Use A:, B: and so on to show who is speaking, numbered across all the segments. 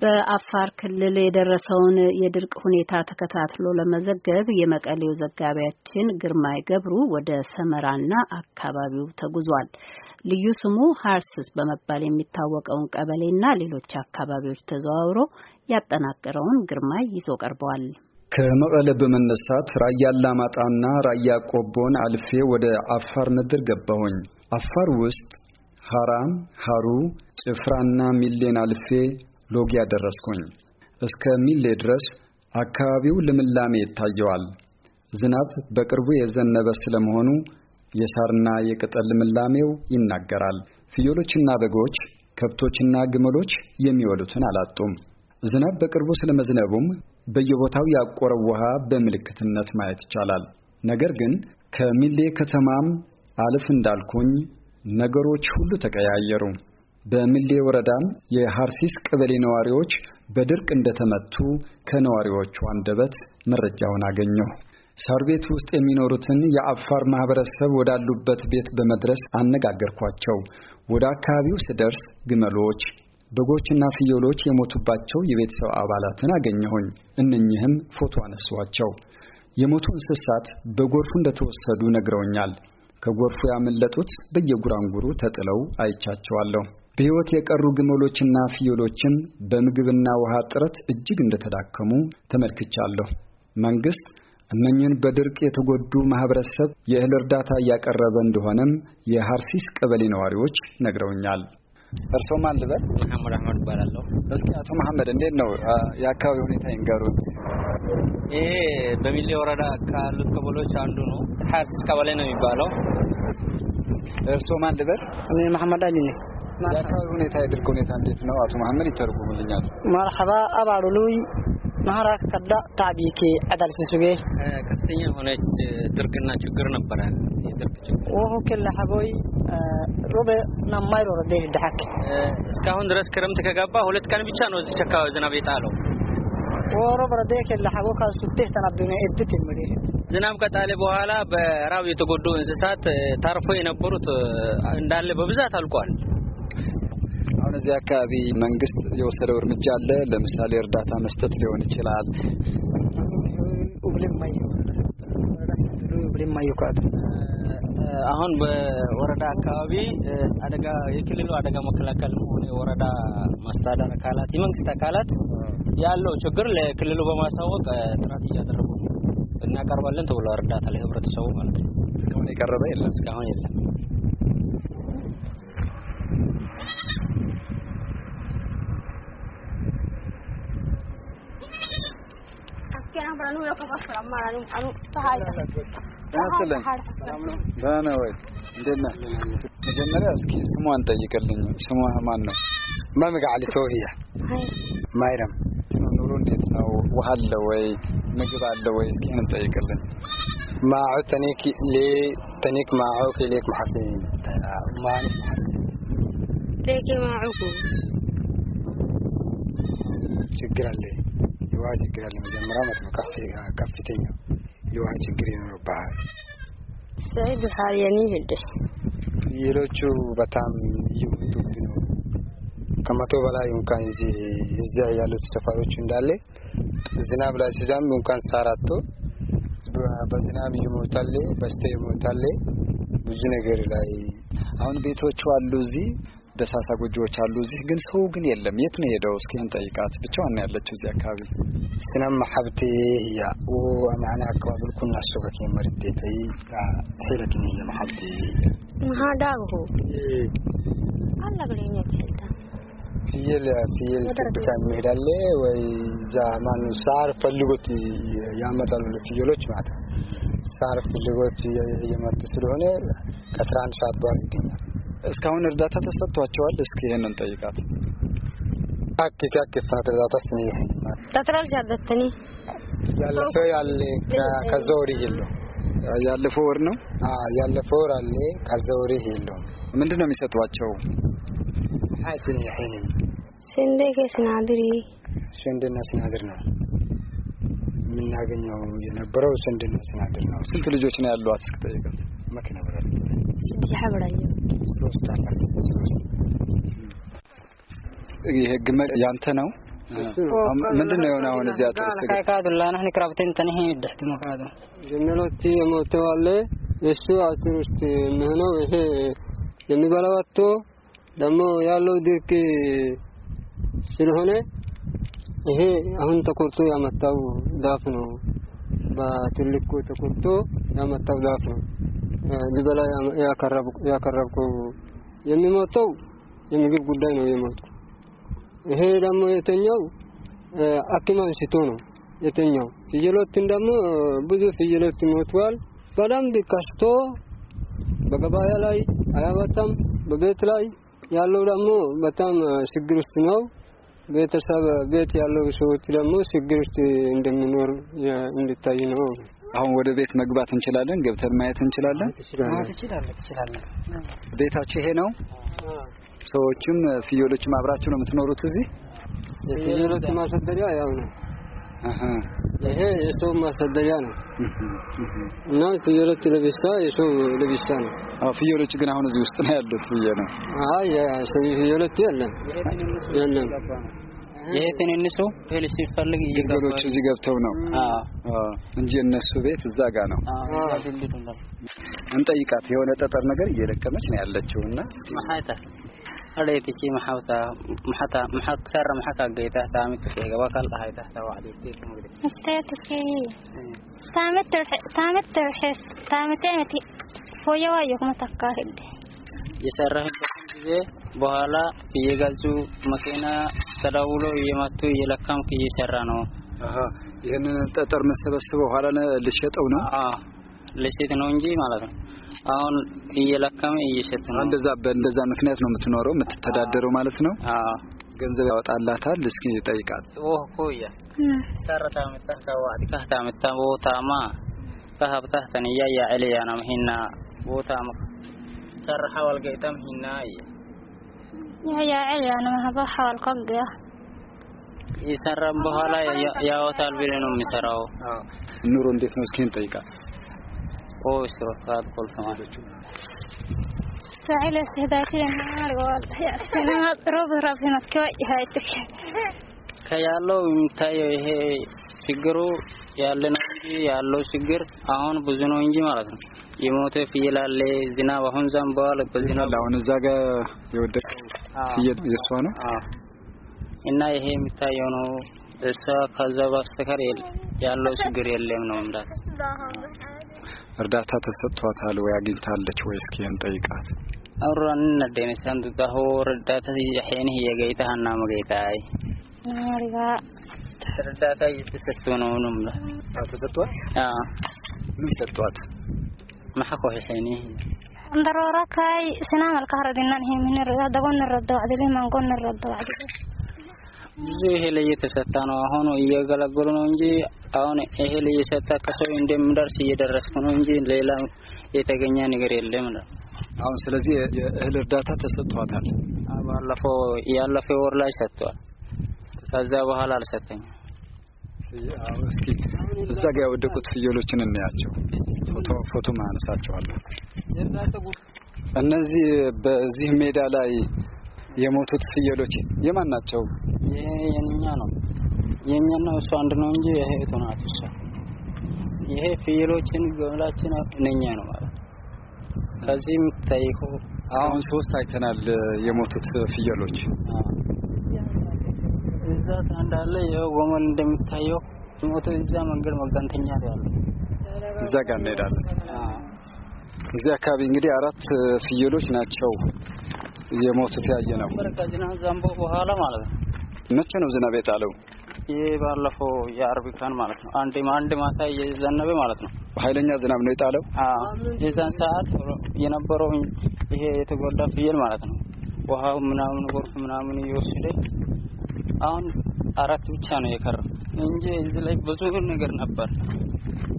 A: በአፋር ክልል የደረሰውን የድርቅ ሁኔታ ተከታትሎ ለመዘገብ የመቀሌው ዘጋቢያችን ግርማይ ገብሩ ወደ ሰመራና አካባቢው ተጉዟል። ልዩ ስሙ ሀርስስ በመባል የሚታወቀውን ቀበሌና ሌሎች አካባቢዎች ተዘዋውሮ ያጠናቀረውን ግርማይ ይዞ ቀርበዋል።
B: ከመቀለ በመነሳት ራያ አላማጣና ራያ ቆቦን አልፌ ወደ አፋር ምድር ገባሁኝ። አፋር ውስጥ ሀራም፣ ሐሩ፣ ጭፍራና ሚሌን አልፌ ሎጊያ ደረስኩኝ። እስከ ሚሌ ድረስ አካባቢው ልምላሜ ይታየዋል። ዝናብ በቅርቡ የዘነበ ስለመሆኑ የሳርና የቅጠል ልምላሜው ይናገራል። ፍየሎችና በጎች፣ ከብቶችና ግመሎች የሚወሉትን አላጡም። ዝናብ በቅርቡ ስለመዝነቡም በየቦታው ያቆረው ውሃ በምልክትነት ማየት ይቻላል። ነገር ግን ከሚሌ ከተማም አልፍ እንዳልኩኝ ነገሮች ሁሉ ተቀያየሩ። በሚሌ ወረዳም የሐርሲስ ቀበሌ ነዋሪዎች በድርቅ እንደተመቱ ከነዋሪዎቹ አንደበት መረጃውን አገኘሁ። ሳር ቤት ውስጥ የሚኖሩትን የአፋር ማህበረሰብ ወዳሉበት ቤት በመድረስ አነጋገርኳቸው። ወደ አካባቢው ስደርስ ግመሎች፣ በጎችና ፍየሎች የሞቱባቸው የቤተሰብ አባላትን አገኘሁኝ። እነኚህም ፎቶ አነሷቸው። የሞቱ እንስሳት በጎርፉ እንደተወሰዱ ነግረውኛል። ከጎርፉ ያመለጡት በየጉራንጉሩ ተጥለው አይቻቸዋለሁ። በሕይወት የቀሩ ግመሎችና ፍየሎችም በምግብና ውሃ ጥረት እጅግ እንደተዳከሙ ተመልክቻለሁ። መንግሥት እነኝን በድርቅ የተጎዱ ማህበረሰብ የእህል እርዳታ እያቀረበ እንደሆነም የሀርሲስ ቀበሌ ነዋሪዎች ነግረውኛል። እርስዎ ማን ልበል? መሐመድ አህመድ እባላለሁ። እስኪ አቶ መሐመድ እንዴት ነው የአካባቢ ሁኔታ ይንገሩን።
C: ይሄ በሚሌ ወረዳ
B: ካሉት ቀበሌዎች አንዱ ነው። ሀርሲስ ቀበሌ ነው የሚባለው። እርስዎ ማን
A: ልበል? እኔ መሐመድ አሊ ነኝ።
B: የአካባቢ ሁኔታ የድርቅ ሁኔታ እንዴት ነው? አቶ መሀመድ ይተርጉምልኛል።
A: መርሐባ አባሉሉይ ማህራት ከዳ ታቢኪ አዳል ሲሱጌ ከፍተኛ የሆነ ድርቅና ችግር ነበረ። የድርቅ ችግር ወሁ ከላ ሐቦይ ሩበ ናማይ ሮረ ደይ ድሐክ እስካሁን ድረስ ክረምት ከገባ ሁለት ቀን ብቻ ነው እዚህ አካባቢ ዝናብ የጣለው። ወሮበ ረዴ ከላ ሐቦ ካሱክቴ ተናብዱነ እድት ምሪ ዝናብ ከጣለ በኋላ በራብ የተጎዱ እንስሳት ታርፎ የነበሩት እንዳለ በብዛት አልቋል።
B: አሁን እዚህ አካባቢ መንግስት የወሰደው እርምጃ አለ? ለምሳሌ እርዳታ መስጠት ሊሆን ይችላል።
A: አሁን በወረዳ አካባቢ አደጋ የክልሉ አደጋ መከላከል ሆነ የወረዳ ማስተዳደር አካላት የመንግስት አካላት ያለው ችግር ለክልሉ በማሳወቅ ጥረት እያደረጉ እናቀርባለን ተብሎ እርዳታ ለህብረተሰቡ ማለት ነው። እስካሁን የቀረበ የለም። እስካሁን የለም።
B: ደህና ወይ? እንዴት ነህ? መጀመሪያ እስኪ ስሟን ጠይቅልኝ። ስሟህ ማን ነው? መምጋ አሊ ተውሂያ ማይረም። ኑሮ እንዴት ነው? ውሃ አለ ወይ? ምግብ አለ ወይ? እስኪ እንጠይቅልን ማዑ ተኒክ ሌ ተኒክ ማዑ ከሌክ ማሐሲ ማን ሌክ ማዑ ችግር አለ የውሃ ችግር ያለ መጀመሪያ ማለት ነው። ከፍተኛ የውሃ ችግር ይኖርብሃል።
C: ሰይድ ሀየኒ ሄደ
B: ሌሎቹ በጣም እየሞቱብህ ነው። ከመቶ በላይ እንኳን እዚያ ያሉት ሰፈሮች እንዳለ ዝናብ ላይ ሲዛም እንኳን ሳራቶ በዝናብ ይሞታል፣ በስተ ይሞታል። ብዙ ነገር ላይ አሁን ቤቶቹ አሉ እዚህ ደሳሳ ጎጆዎች አሉ። እዚህ ግን ሰው ግን የለም። የት ነው ሄደው? እስኪ እንጠይቃት። ብቻዋን ነው ያለችው እዚህ አካባቢ ስናም ሀብቴ ያ ማዕና አካባቢ ኩና ሶቀኪ መርቴተይ ሄለኪኒ ሀብቴ
C: ማዳግሁ አላ ብለኛች
B: ፍየል ፍየል ጥብቃ የሚሄዳለ ወይ እዛ ማነው ሳር ፈልጎት ያመጣሉ ለፍየሎች ማለት ሳር ፈልጎት እየመጡ ስለሆነ ከአስራ አንድ ሰዓት በኋላ ይገኛል። እስካሁን እርዳታ ተሰጥቷቸዋል? እስኪ ይህንን ጠይቃት። እርዳታ ስኒ ያለፈው ያለ ያለፈው ወር ነው። ያለፈው ወር አለ። ከዛ ወር የለውም። ምንድን ነው የሚሰጧቸው?
C: ስንዴ ከስናድሪ
B: ስንዴና ስናድር ነው የምናገኘው የነበረው። ስንዴና ስናድር ነው። ስንት ልጆች ነው ያሏት? እስክጠይቀት መኪና ብራል
A: ሶስት አላት። ሶስት
B: ይሄ ግመል ያንተ ነው።
A: ምንድን ነው የሆነ አሁን እዚያ ተስተካካቱላ ነህ ክራብተን ተነህ ይደህት መካዱ
C: ግመሎች የሞተዋል። እሱ አጥር ውስጥ የሚሆነው ይሄ የሚበላው አጥቶ ደግሞ ያለው ድርቅ ስለሆነ ይሄ አሁን ተቆርጦ ያመጣው ዛፍ ነው። በትልቁ ተቆርጦ ያመጣው ዛፍ ነው። ሊበላ ያቀረብኩ የሚሞተው የምግብ ጉዳይ ነው የሞትኩ። ይሄ ደግሞ የተኛው አኪም አንስቶ ነው የተኛው። ፍየሎችን ደግሞ ብዙ ፍየሎች ሞተዋል። በደንብ ከስቶ በገበያ ላይ አያበጣም። በቤት ላይ ያለው ደግሞ በጣም ችግር ውስጥ ነው። ቤተሰብ ቤት ያለው ሰዎች ደግሞ ችግር ውስጥ እንደሚኖር እንድታይ ነው።
B: አሁን ወደ ቤት መግባት እንችላለን? ገብተን ማየት እንችላለን? ቤታችሁ ይሄ ነው። ሰዎችም ፍየሎችም አብራችሁ ነው የምትኖሩት እዚህ?
C: የፍየሎች ማሰደሪያ ያው ነው። ይሄ የሰው ማሰደሪያ ነው እና ፍየሎች ለቢሳ የሰው ለቢሳ ነው።
B: አዎ ፍየሎች ግን አሁን እዚህ ውስጥ ነው ያሉት ብዬ ነው። አይ ፍየሎች የለም የለም ይሄ
A: ትንንሱ እህል ሲፈልግ ግልገሎቹ እዚህ ገብተው ነው
B: እንጂ እነሱ ቤት እዛ ጋ ነው። እንጠይቃት የሆነ ጠጠር ነገር እየለቀመች ነው ያለችው እና
A: አለይቲቺ ማሐውታ ማሐታ ማሐክ ሰራ ማሐካ ገይታ ታሚት ገባ ካል አይታ ተዋዕዲቲ እስታትቺ ታመት ታመት ታመት ታመት ፎየዋ ይሁን ተካሄድ የሰራህ ጊዜ በኋላ እየገዙ መኪና ተደውሎ እየመቱ
B: እየለካም እየሰራ ነው። ይህንን ጠጠር መሰበስበ በኋላ ልሸጠው ነው
A: ልሸጥ ነው እንጂ ማለት ነው። አሁን እየለካመ እየሸጥ ነው።
B: እንደዛ በእንደዛ ምክንያት ነው የምትኖረው የምትተዳደረው ማለት ነው። ገንዘብ ያወጣላታል። እስኪ ጠይቃል
A: ኮያ ሰረታምታከዋዲካህታምታ ቦታማ ካሀብታህተን እያያ እልያናም ሂና ቦታማ ሰረሓ ወልገይተም ሂና እየ ያያል ማህበር ሐዋል ከገ ይሰራም በኋላ ያወጣል ብለህ ነው የሚሰራው።
B: ኑሮ እንዴት ነው? እስኪ እንጠይቃት። ኦ ስራ ታቆል ተማለች
A: سعيلة استهدافية النهار والله يعسنا رب ربنا تكوي هايتك ከያለው የሚታየው ይሄ ችግሩ ያለ ነው እንጂ ያለው ችግር አሁን ብዙ ነው እንጂ ማለት ነው የሞተ ፍየል አለ። ዝናብ አሁን ዘንቧል። በዝናብ አሁን
B: እዛ ጋር የወደቀ ፍየል የሷ ነው
A: እና ይሄ የሚታየው ነው። እሷ ከዛ በስተቀር ያለው ችግር የለም ነው ምላት።
B: እርዳታ ተሰጥቷታል ወይ አግኝታለች ወይ? እስኪ እንጠይቃት።
A: አውራን ነደነ ሰንዱታሁ እርዳታ ይሄን የገይታ እና መገይታይ ማሪጋ እርዳታ እየተሰጡ ነው ነው ምላት። ተሰጥቷል። አዎ ምን ሰጥቷት maxaa ku xixeynii darora kay sinamal ka haradinaan himinir dagonirado acdilimangonirado ብዙ እህል እየተሰጣ ነው። አሁን እየገለገሉ ነው እንጂ አሁን እህል እየሰጣ ከሰው እንደምደርስ እየደረስኩ ነው እንጂ ሌላ የተገኘ ነገር የለም ነው አሁን። ስለዚህ የእህል እርዳታ ተሰጥቷታል። ባለፈው ያለፈው ወር ላይ ሰጥቷል። ከዛ
B: በኋላ አልሰጠኝም። እስኪ እዛ ጋ ያወደቁት ፍየሎችን እናያቸው። ፎቶ ፎቶ ማነሳቸዋለሁ። እነዚህ በዚህ ሜዳ ላይ የሞቱት ፍየሎች የማን ናቸው?
A: ይሄ የኛ ነው የኛና እሱ አንድ ነው እንጂ ይሄ ተናት ይሄ ፍየሎችን
B: ገምላችን እነኛ ነው ማለት ከዚህም ታይቆ አሁን ሶስት አይተናል። የሞቱት ፍየሎች
A: እዛ እንዳለ ይሄው ጎመል እንደሚታየው ሞቶ እዛ መንገድ መጋንተኛ ነው ያለው።
B: እዛ ጋር እንሄዳለን። እዚህ አካባቢ እንግዲህ አራት ፍየሎች ናቸው የሞቱት ያየ ነው።
A: ዘንቦ በኋላ ማለት ነው።
B: መቼ ነው ዝናብ የጣለው?
A: ይህ ባለፈው የአርብ ቀን ማለት ነው። አንድ አንድ ማታ እየዘነበ ማለት ነው።
B: ኃይለኛ ዝናብ ነው የጣለው።
A: የዛን ሰዓት የነበረው ይሄ የተጎዳ ፍየል ማለት ነው። ውሃው ምናምን ጎርፍ ምናምን እየወሰደ አሁን አራት ብቻ ነው የቀረው። እንጂ እዚህ ላይ ብዙ ነገር ነበር።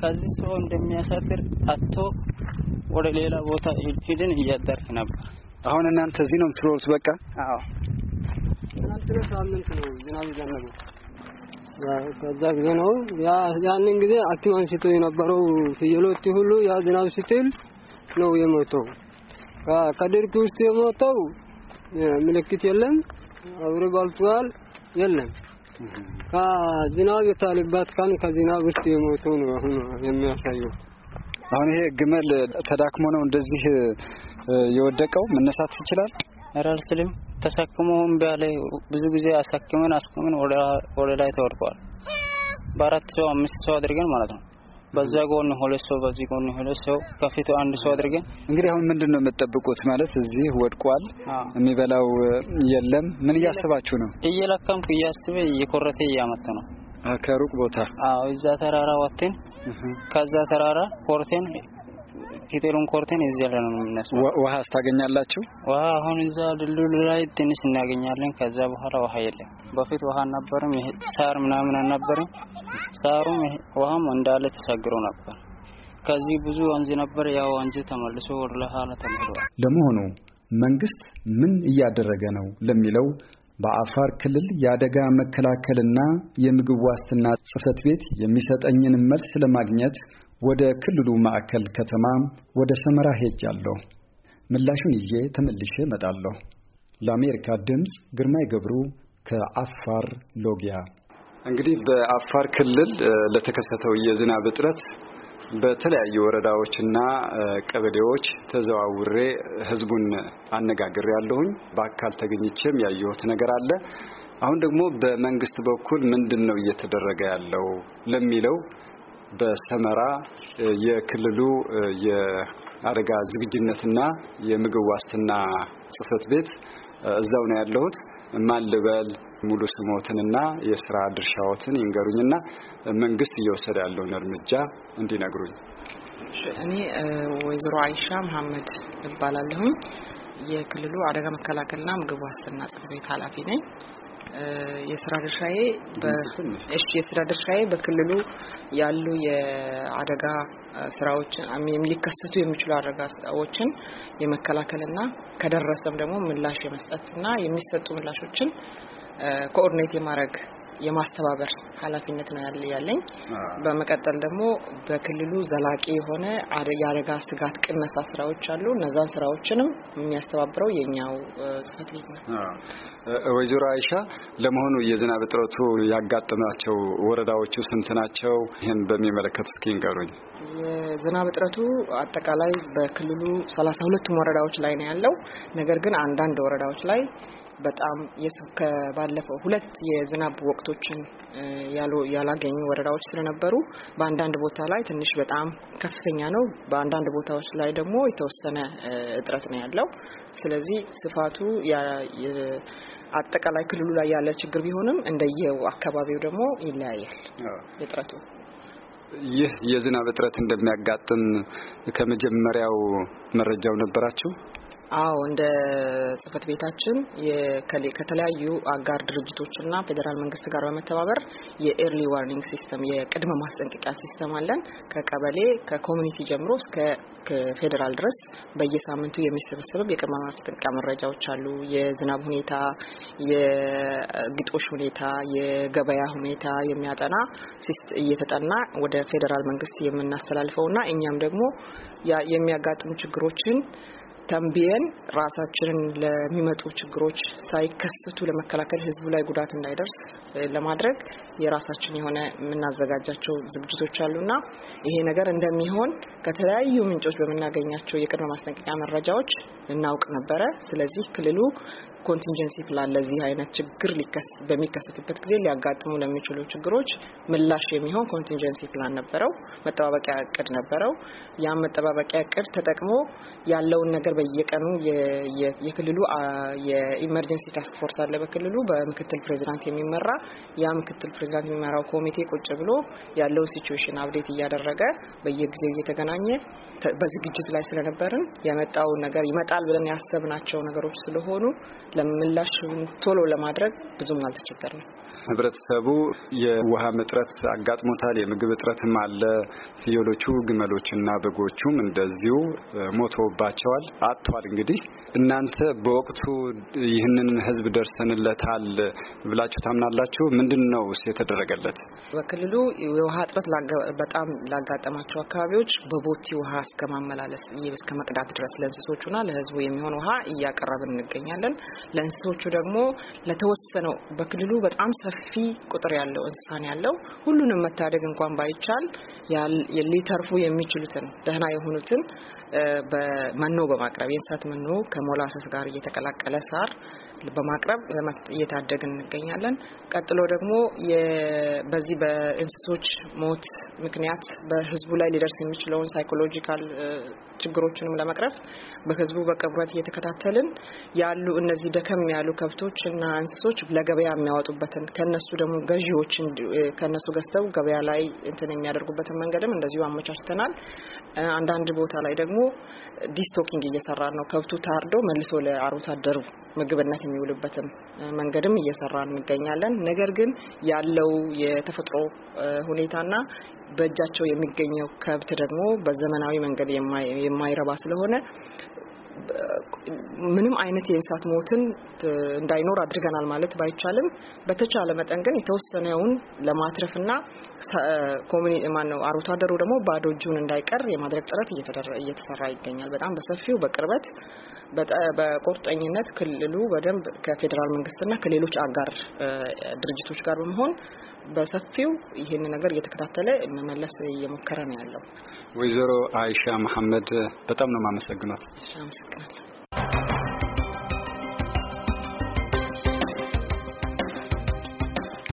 A: ከዚህ ሰው እንደሚያሳድር አቶ ወደ ሌላ ቦታ ሄድን እያደርክ ነበር። አሁን እናንተ እዚህ ነው የምትኖሩት? በቃ አዎ።
C: ትናንት ሳምንት ነው ዝናብ የዘነበው። ከዛ ጊዜ ነው ያንን ጊዜ አኪም አንስቶ የነበረው ፍየሎች ሁሉ ያ ዝናብ ሲጥል ነው የሞተው። ከድርቅ ውስጥ የሞተው ምልክት የለም፣ አብሮ ባልቷል የለም ከዝናብ የታለበት ቀን ከዝናብ ውስጥ የሞቱ ነው አሁን የሚያሳየው።
B: አሁን ይሄ ግመል ተዳክሞ ነው እንደዚህ የወደቀው። መነሳት ይችላል?
A: ኧረ አልችልም። ተሳክሞም ቢያለ ብዙ ጊዜ አሳክመን አስቆምን፣ ወደ ላይ ተወድቀዋል። በአራት ሰው አምስት ሰው አድርገን ማለት ነው በዛ ጎን ሁለት
B: ሰው፣ በዚህ ጎን ሁለት ሰው፣
A: ከፊቱ አንድ ሰው አድርገን
B: እንግዲህ አሁን ምንድን ነው ማለት እዚህ ወድቋል፣ የሚበላው የለም። ምን እያስባችሁ ነው?
A: እየለከምኩ እያስበ እየኮረቴ እያመጣ ነው ከሩቅ ቦታ አዎ፣ እዛ ተራራ ወጥተን ከዛ ተራራ ኮርቴን ቂጤሉን ኮርቴን እዚህ ያለ ነው የምነሳው። ውሃስ
B: ታገኛላችሁ?
A: ውሃ አሁን እዛ ድልድሉ ላይ ትንሽ እናገኛለን። ከዛ በኋላ ውሃ የለም። በፊት ውሃ አልነበረም። ሳር ምናምን አልነበረም። ሳሩም ውሃም እንዳለ ተሰግሮ ነበር። ከዚህ ብዙ ወንዝ ነበር። ያው ወንዝ ተመልሶ ወደ ለኋላ ተመልሷል።
B: ለመሆኑ መንግስት ምን እያደረገ ነው ለሚለው በአፋር ክልል የአደጋ መከላከልና የምግብ ዋስትና ጽህፈት ቤት የሚሰጠኝን መልስ ለማግኘት ወደ ክልሉ ማዕከል ከተማ ወደ ሰመራ ሄጃለሁ። ምላሹን ይዤ ተመልሼ እመጣለሁ። ለአሜሪካ ድምፅ ግርማይ ገብሩ ከአፋር ሎጊያ። እንግዲህ በአፋር ክልል ለተከሰተው የዝናብ እጥረት በተለያዩ ወረዳዎችና ቀበሌዎች ተዘዋውሬ ህዝቡን አነጋግሬ ያለሁኝ በአካል ተገኝቼም ያየሁት ነገር አለ። አሁን ደግሞ በመንግስት በኩል ምንድን ነው እየተደረገ ያለው ለሚለው በሰመራ የክልሉ የአደጋ ዝግጅነትና የምግብ ዋስትና ጽህፈት ቤት እዛው ነው ያለሁት። ማን ልበል? ሙሉ ስሞትንና የስራ ድርሻዎትን ይንገሩኝና መንግስት እየወሰደ ያለውን እርምጃ እንዲነግሩኝ።
D: እኔ ወይዘሮ አይሻ መሀመድ እባላለሁኝ። የክልሉ አደጋ መከላከልና ምግብ ዋስትና ጽህፈት ቤት ኃላፊ ነኝ። የስራ ድርሻዬ እሺ የስራ ድርሻዬ በክልሉ ያሉ የአደጋ ስራዎች ሊከሰቱ የሚችሉ አደጋዎችን የመከላከልና ከደረሰም ደግሞ ምላሽ የመስጠትና የሚሰጡ ምላሾችን ኮኦርዲኔት የማድረግ የማስተባበር ኃላፊነት ነው ያለ ያለኝ። በመቀጠል ደግሞ በክልሉ ዘላቂ የሆነ የአደጋ ስጋት ቅነሳ ስራዎች አሉ። እነዛን ስራዎችንም የሚያስተባብረው የኛው ጽህፈት ቤት ነው።
B: ወይዘሮ አይሻ ለመሆኑ የዝናብ እጥረቱ ያጋጠማቸው ወረዳዎቹ ስንት ናቸው? ይህን በሚመለከት እስኪ ንገሩኝ።
D: የዝናብ እጥረቱ አጠቃላይ በክልሉ ሰላሳ ሁለቱም ወረዳዎች ላይ ነው ያለው። ነገር ግን አንዳንድ ወረዳዎች ላይ በጣም ከባለፈው ሁለት የዝናብ ወቅቶችን ያላገኙ ወረዳዎች ስለነበሩ በአንዳንድ ቦታ ላይ ትንሽ በጣም ከፍተኛ ነው፣ በአንዳንድ ቦታዎች ላይ ደግሞ የተወሰነ እጥረት ነው ያለው። ስለዚህ ስፋቱ አጠቃላይ ክልሉ ላይ ያለ ችግር ቢሆንም እንደየው አካባቢው ደግሞ ይለያያል እጥረቱ።
B: ይህ የዝናብ እጥረት እንደሚያጋጥም ከመጀመሪያው መረጃው ነበራችሁ?
D: አዎ እንደ ጽህፈት ቤታችን ከተለያዩ አጋር ድርጅቶችና ፌዴራል መንግስት ጋር በመተባበር የኤርሊ ዋርኒንግ ሲስተም የቅድመ ማስጠንቀቂያ ሲስተም አለን። ከቀበሌ ከኮሚኒቲ ጀምሮ እስከ ፌዴራል ድረስ በየሳምንቱ የሚሰበሰበው የቅድመ ማስጠንቀቂያ መረጃዎች አሉ። የዝናብ ሁኔታ፣ የግጦሽ ሁኔታ፣ የገበያ ሁኔታ የሚያጠና እየተጠና ወደ ፌዴራል መንግስት የምናስተላልፈው ና እኛም ደግሞ የሚያጋጥሙ ችግሮችን ተንብየን ራሳችንን ለሚመጡ ችግሮች ሳይከሰቱ ለመከላከል ህዝቡ ላይ ጉዳት እንዳይደርስ ለማድረግ የራሳችን የሆነ የምናዘጋጃቸው ዝግጅቶች አሉና ይሄ ነገር እንደሚሆን ከተለያዩ ምንጮች በምናገኛቸው የቅድመ ማስጠንቀቂያ መረጃዎች እናውቅ ነበረ። ስለዚህ ክልሉ ኮንቲንጀንሲ ፕላን ለዚህ አይነት ችግር በሚከሰትበት ጊዜ ሊያጋጥሙ ለሚችሉ ችግሮች ምላሽ የሚሆን ኮንቲንጀንሲ ፕላን ነበረው፣ መጠባበቂያ እቅድ ነበረው። ያም መጠባበቂያ እቅድ ተጠቅሞ ያለውን ነገር ዳይሬክተር በየቀኑ የክልሉ የኢመርጀንሲ ታስክ ፎርስ አለ በክልሉ በምክትል ፕሬዚዳንት የሚመራ ያ ምክትል ፕሬዚዳንት የሚመራው ኮሚቴ ቁጭ ብሎ ያለውን ሲቹዌሽን አብዴት እያደረገ በየጊዜው እየተገናኘ በዝግጅት ላይ ስለነበርን የመጣው ነገር ይመጣል ብለን ያሰብናቸው ነገሮች ስለሆኑ ለምላሽ ቶሎ ለማድረግ ብዙም አልተቸገርንም።
B: ህብረተሰቡ የውሃ እጥረት አጋጥሞታል። የምግብ እጥረትም አለ። ፍየሎቹ፣ ግመሎችና በጎቹም እንደዚሁ ሞተውባቸዋል። አጥቷል። እንግዲህ እናንተ በወቅቱ ይህንን ህዝብ ደርሰንለታል ብላችሁ ታምናላችሁ? ምንድን ነው
D: ስ የተደረገለት? በክልሉ የውሃ እጥረት በጣም ላጋጠማቸው አካባቢዎች በቦቲ ውሃ እስከ ማመላለስ እስከ መቅዳት ድረስ ለእንስሶቹና ለህዝቡ የሚሆን ውሃ እያቀረብን እንገኛለን። ለእንስሶቹ ደግሞ ለተወሰነው በክልሉ በጣም ሰፊ ቁጥር ያለው እንስሳን ያለው ሁሉንም መታደግ እንኳን ባይቻል ሊተርፉ የሚችሉትን ደህና የሆኑትን መኖ በማ አቅራቢ እንስሳት መኖ ከሞላሰስ ጋር እየተቀላቀለ ሳር በማቅረብ እየታደግን እንገኛለን። ቀጥሎ ደግሞ በዚህ በእንስሶች ሞት ምክንያት በህዝቡ ላይ ሊደርስ የሚችለውን ሳይኮሎጂካል ችግሮችንም ለመቅረፍ በህዝቡ በቅርበት እየተከታተልን ያሉ እነዚህ ደከም ያሉ ከብቶች እና እንስሶች ለገበያ የሚያወጡበትን ከነሱ ደግሞ ገዢዎች ከነሱ ገዝተው ገበያ ላይ እንትን የሚያደርጉበትን መንገድም እንደዚሁ አመቻችተናል። አንዳንድ ቦታ ላይ ደግሞ ዲስቶኪንግ እየሰራ ነው። ከብቱ ታርዶ መልሶ ለአርብቶ አደሩ ምግብነት የሚውልበትም መንገድም እየሰራ እንገኛለን። ነገር ግን ያለው የተፈጥሮ ሁኔታና በእጃቸው የሚገኘው ከብት ደግሞ በዘመናዊ መንገድ የማይረባ ስለሆነ ምንም አይነት የእንስሳት ሞትን እንዳይኖር አድርገናል ማለት ባይቻልም በተቻለ መጠን ግን የተወሰነውን ለማትረፍና ማነው አርብቶ አደሩ ደግሞ ባዶ እጁን እንዳይቀር የማድረግ ጥረት እየተሰራ ይገኛል። በጣም በሰፊው በቅርበት በቁርጠኝነት ክልሉ በደንብ ከፌዴራል መንግስትና ከሌሎች አጋር ድርጅቶች ጋር በመሆን በሰፊው ይህን ነገር እየተከታተለ መመለስ እየሞከረ ነው ያለው።
B: ወይዘሮ አይሻ መሐመድ በጣም ነው የማመሰግናት።